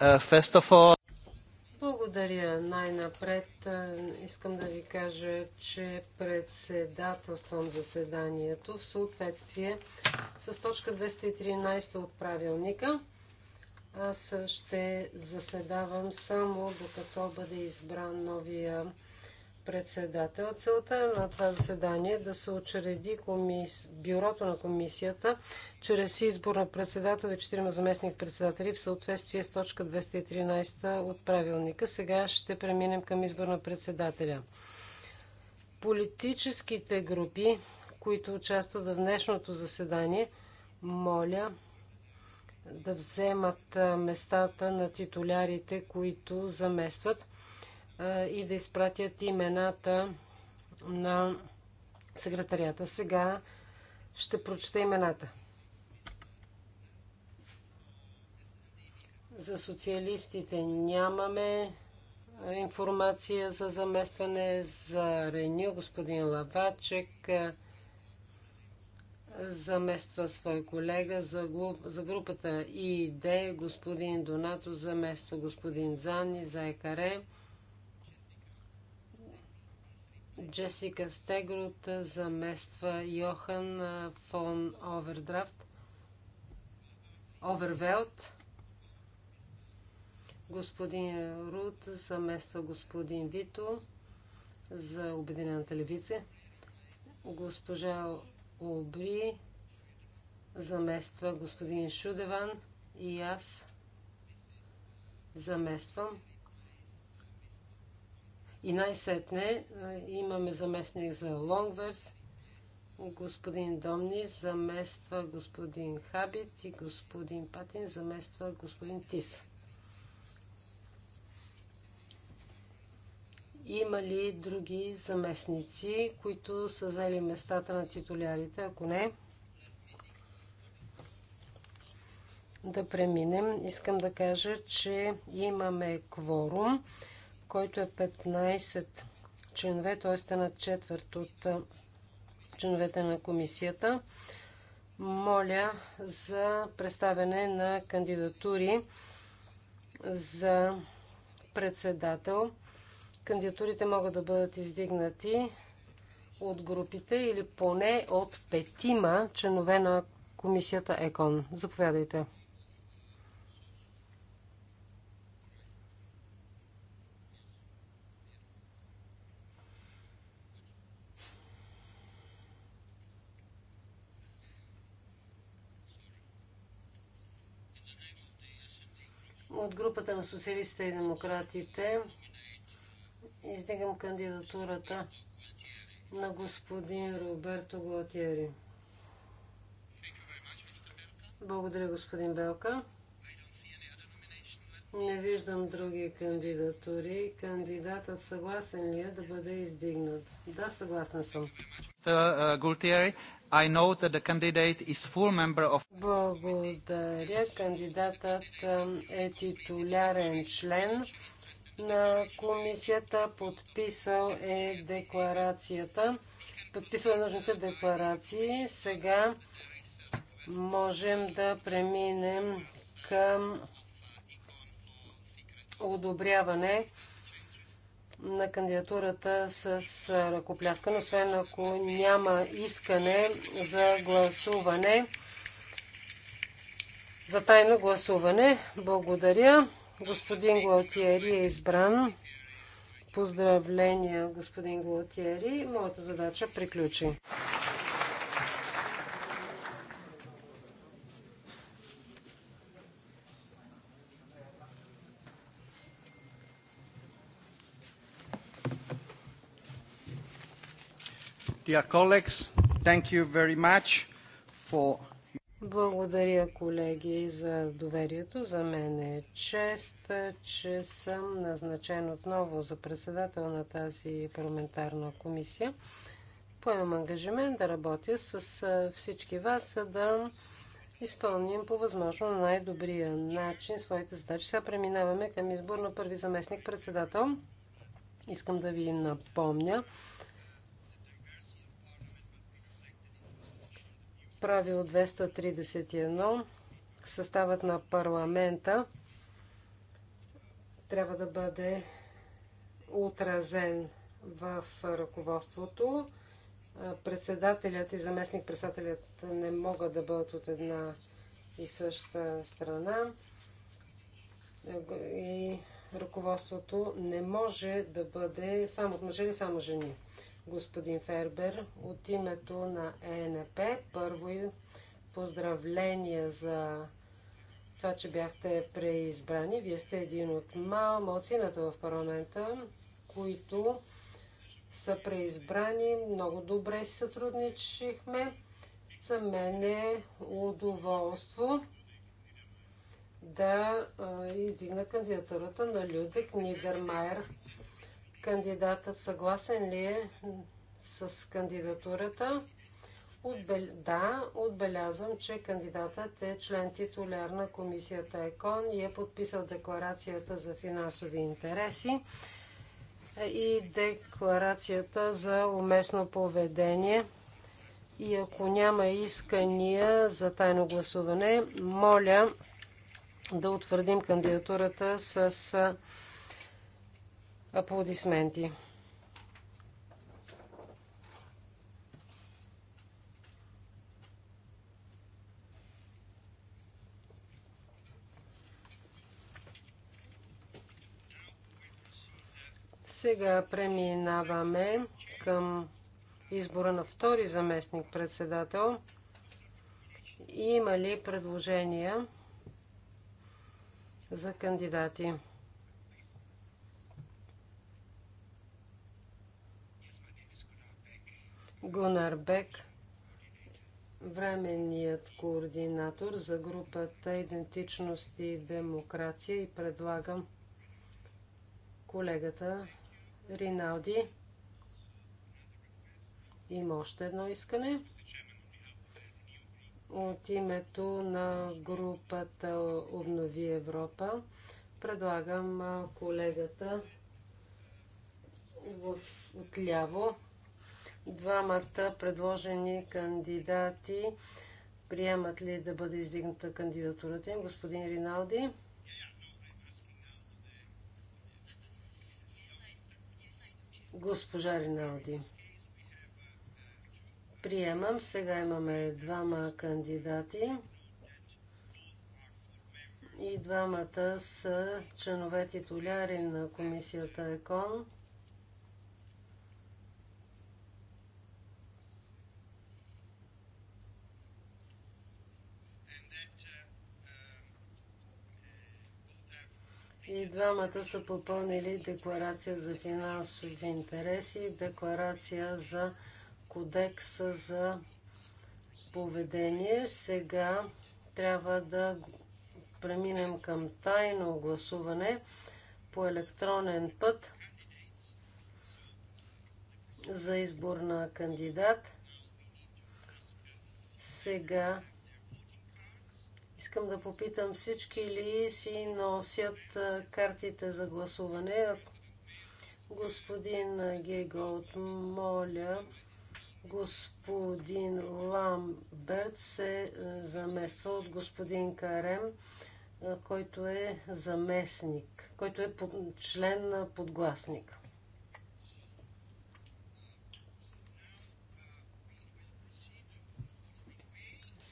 Uh, first of all... Благодаря. Най-напред искам да ви кажа, че председателствам заседанието в съответствие с точка 213 от правилника. Аз ще заседавам само докато бъде избран новия председател. Целта на това заседание е да се учреди комис... бюрото на комисията чрез избор на председател и четирима заместник-председатели в съответствие с точка 213 от правилника. Сега ще преминем към избор на председателя. Политическите групи, които участват в днешното заседание, моля да вземат местата на титулярите, които заместват и да изпратят имената на секретарията. Сега ще прочета имената. За социалистите нямаме информация за заместване за Реню. Господин Лавачек замества свой колега за, глуп, за групата ИД, Господин Донато замества господин Зани за ЕКАРЕ. Джесика Стегрут замества Йохан фон Овердрафт. Овервелт. Господин Рут замества господин Вито за Обединената левица. Госпожа Обри замества господин Шудеван и аз замествам и най-сетне имаме заместник за Лонгверс. Господин Домни замества господин Хабит и господин Патин замества господин Тис. Има ли други заместници, които са взели местата на титулярите? Ако не, да преминем. Искам да кажа, че имаме кворум който е 15 членове, т.е. на четвърт от членовете на комисията. Моля за представяне на кандидатури за председател. Кандидатурите могат да бъдат издигнати от групите или поне от петима членове на комисията ЕКОН. Заповядайте. групата на социалистите и демократите издигам кандидатурата на господин Роберто Глотиери. Благодаря, господин Белка. Не виждам други кандидатури. Кандидатът съгласен ли е да бъде издигнат? Да, съгласен съм. Гултиери. I know that the candidate is full member of... Благодаря. Кандидатът е титулярен член на комисията. Подписал е декларацията. Подписал е нужните декларации. Сега можем да преминем към одобряване на кандидатурата с ръкопляскане, освен ако няма искане за гласуване, за тайно гласуване. Благодаря. Господин Глотиери е избран. Поздравления, господин Глотиери. Моята задача приключи. Dear colleagues, thank you very much for... Благодаря, колеги, за доверието. За мен е чест, че съм назначен отново за председател на тази парламентарна комисия. Поемам ангажимент да работя с всички вас, за да изпълним по възможно най-добрия начин своите задачи. Сега преминаваме към избор на първи заместник председател. Искам да ви напомня, правило 231 съставът на парламента трябва да бъде отразен в ръководството. Председателят и заместник-председателят не могат да бъдат от една и съща страна. И ръководството не може да бъде само от мъже или само жени господин Фербер. От името на ЕНП първо и поздравления за това, че бяхте преизбрани. Вие сте един от малцината в парламента, които са преизбрани. Много добре си сътрудничихме. За мен е удоволство да издигна кандидатурата на Людек Нидермайер Кандидатът съгласен ли е с кандидатурата? Отбел... Да, отбелязвам, че кандидатът е член титуляр на комисията ЕКОН и е подписал декларацията за финансови интереси е, и декларацията за уместно поведение. И ако няма искания за тайно гласуване, моля да утвърдим кандидатурата с Аплодисменти. Сега преминаваме към избора на втори заместник председател. Има ли предложения за кандидати? Гунар Бек, временният координатор за групата Идентичност и демокрация и предлагам колегата Риналди. Има още едно искане. От името на групата Обнови Европа предлагам колегата в, отляво Двамата предложени кандидати приемат ли да бъде издигната кандидатурата им? Господин Риналди. Госпожа Риналди. Приемам. Сега имаме двама кандидати. И двамата са членове титуляри на комисията ЕКОН. И двамата са попълнили декларация за финансови интереси и декларация за кодекса за поведение. Сега трябва да преминем към тайно гласуване по електронен път за избор на кандидат. Сега Искам да попитам всички ли си носят картите за гласуване. Господин Гейголд, моля, господин Ламберт се замества от господин Карем, който е заместник, който е член на подгласник.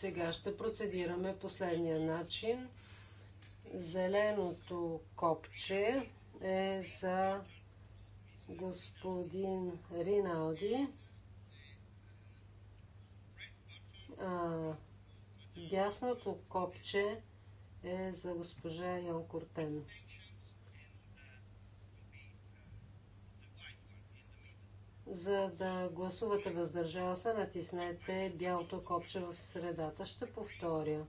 Сега ще процедираме последния начин. Зеленото копче е за господин Риналди. А, дясното копче е за госпожа Йон Куртен. За да гласувате въздържал се, натиснете бялото копче в средата. Ще повторя.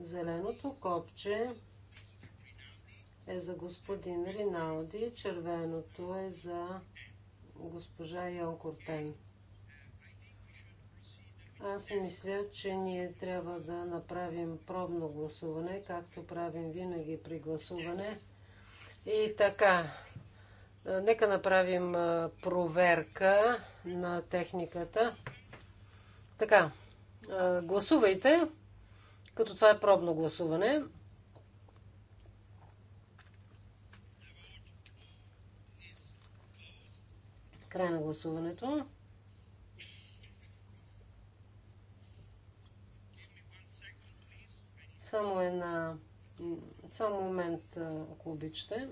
Зеленото копче е за господин Риналди, червеното е за госпожа Йон Кортен. Аз мисля, че ние трябва да направим пробно гласуване, както правим винаги при гласуване. И така, Нека направим проверка на техниката. Така, гласувайте, като това е пробно гласуване. Край на гласуването. Само една... Само момент, ако обичате.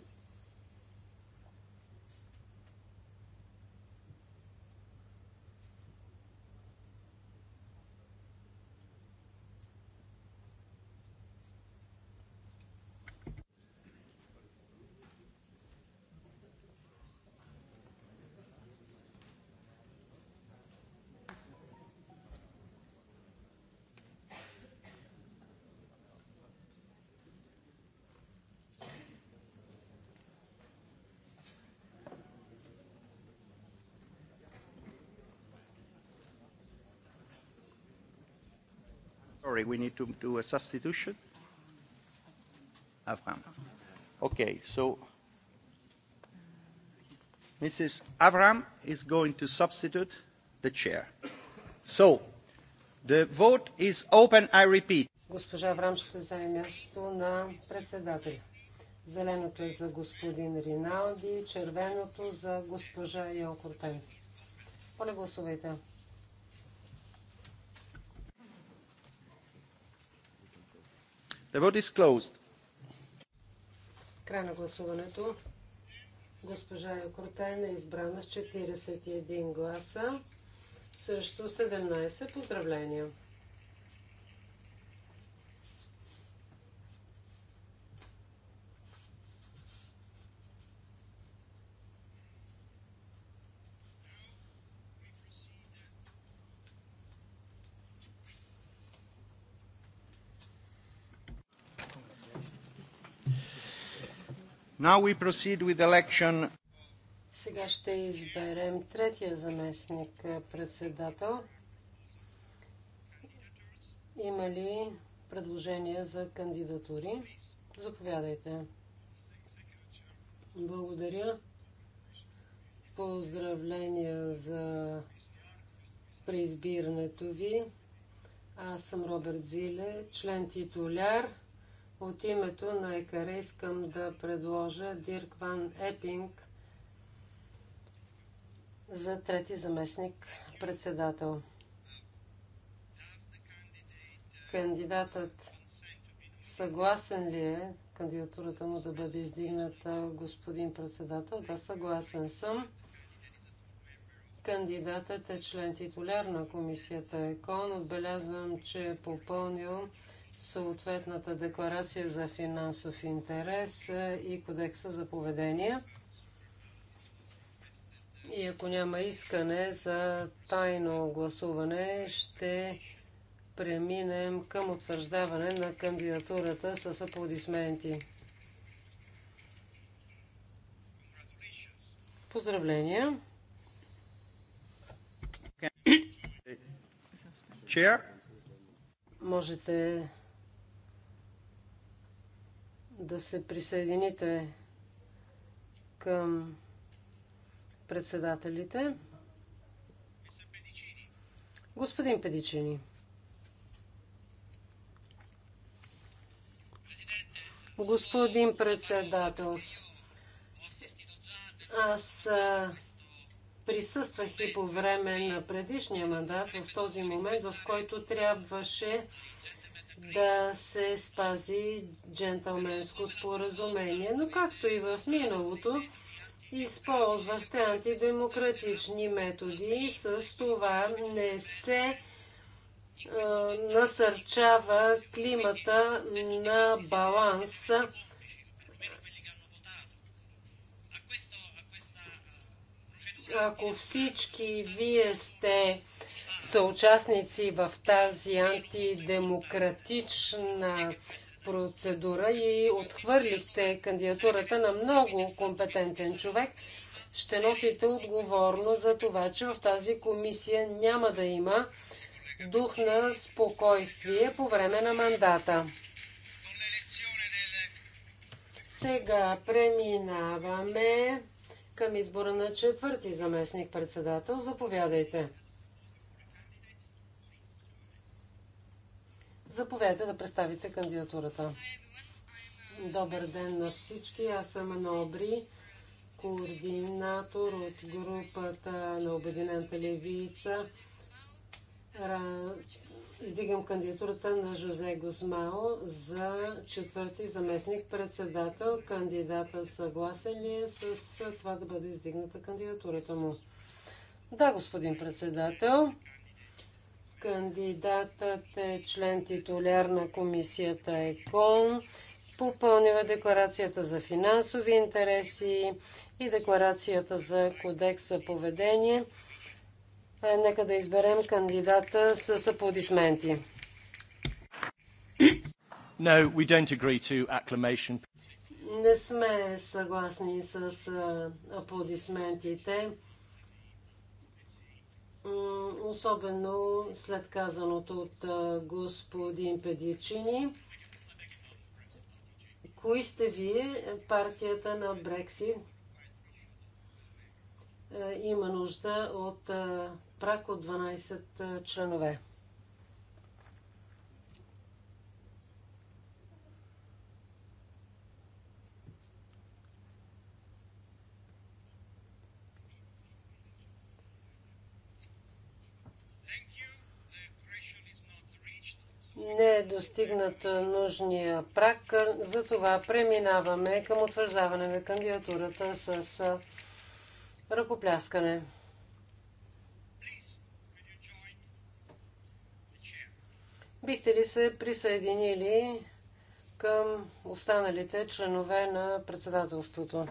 Sorry, we need to do a substitution? Avram. Okay, so Mrs. Avram is going to substitute the chair. So, the vote is open, I repeat. Госпожа Аврам ще вземе място на председателя. Зеленото е за господин Риналди, червеното за госпожа Йокортен. Поле гласувайте. The vote is closed. Край на гласуването. Госпожа Якортайн е избрана с 41 гласа срещу 17. Поздравления! Now we proceed with election. Сега ще изберем третия заместник е, председател. Има ли предложения за кандидатури? Заповядайте. Благодаря. Поздравления за преизбирането ви. Аз съм Роберт Зиле, член титуляр от името на ЕКАРЕ искам да предложа Дирк Ван Епинг за трети заместник председател. Кандидатът съгласен ли е кандидатурата му да бъде издигната, господин председател? Да, съгласен съм. Кандидатът е член титуляр на комисията ЕКОН. Отбелязвам, че е попълнил съответната декларация за финансов интерес е, и кодекса за поведение. И ако няма искане за тайно гласуване, ще преминем към утвърждаване на кандидатурата с аплодисменти. Поздравления! Можете да се присъедините към председателите. Господин Педичини. Господин председател, аз присъствах и по време на предишния мандат, в този момент, в който трябваше да се спази джентълменско споразумение. Но както и в миналото, използвахте антидемократични методи и с това не се насърчава климата на баланса ако всички вие сте съучастници в тази антидемократична процедура и отхвърлихте кандидатурата на много компетентен човек, ще носите отговорно за това, че в тази комисия няма да има дух на спокойствие по време на мандата. Сега преминаваме към избора на четвърти заместник председател. Заповядайте. Заповядайте да представите кандидатурата. Добър ден на всички. Аз съм Нобри, координатор от групата на Обединената левица издигам кандидатурата на Жозе Гусмао за четвърти заместник председател. Кандидатът съгласен ли е с това да бъде издигната кандидатурата му? Да, господин председател. Кандидатът е член титуляр на комисията ЕКОН, попълнива декларацията за финансови интереси и декларацията за кодекса поведение – е, нека да изберем кандидата с аплодисменти. No, we don't agree to acclamation. Не сме съгласни с е, аплодисментите, особено след казаното от е, господин Педичини. Кои сте вие, партията на Брексит? има нужда от прак от 12 е, членове. не е достигнат е, нужния прак, затова преминаваме към утвърждаване на кандидатурата с е, ръкопляскане. бихте ли се присъединили към останалите членове на председателството?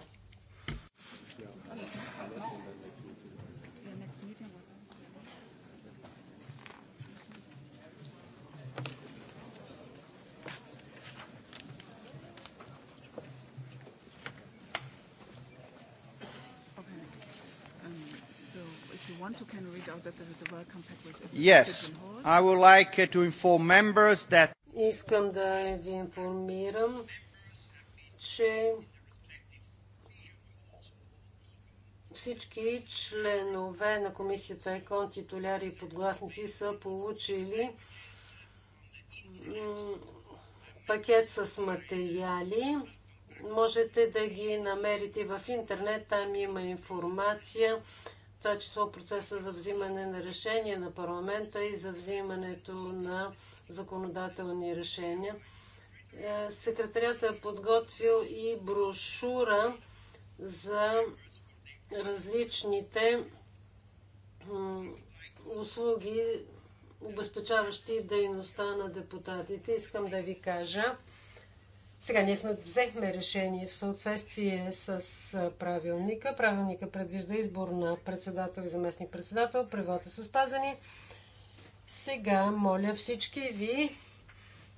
Yes, I would like uh, to inform members that Искам да ви информирам, че всички членове на комисията ЕКОН, титуляри и подгласници са получили пакет с материали. Можете да ги намерите в интернет, там има информация това число процеса за взимане на решения на парламента и за взимането на законодателни решения. Е, секретарията е подготвил и брошура за различните услуги, обезпечаващи дейността на депутатите. Искам да ви кажа, сега ние сме взехме решение в съответствие с правилника. Правилника предвижда избор на председател и заместник председател. Правилата са спазани. Сега моля всички ви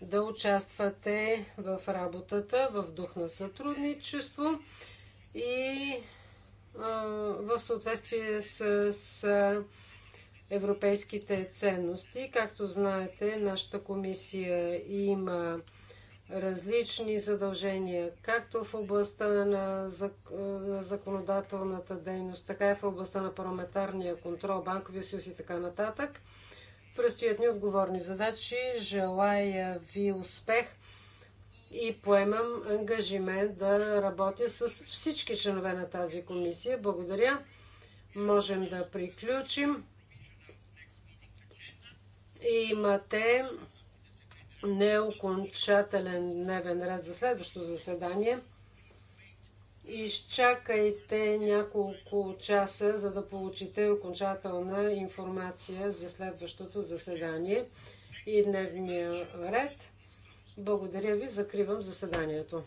да участвате в работата в дух на сътрудничество и в съответствие с, с европейските ценности. Както знаете, нашата комисия има различни задължения, както в областта на законодателната дейност, така и в областта на парламентарния контрол, банковия съюз и така нататък. Предстоят ни отговорни задачи. Желая ви успех и поемам ангажимент да работя с всички членове на тази комисия. Благодаря. Можем да приключим. Имате неокончателен дневен ред за следващото заседание. Изчакайте няколко часа, за да получите окончателна информация за следващото заседание и дневния ред. Благодаря ви, закривам заседанието.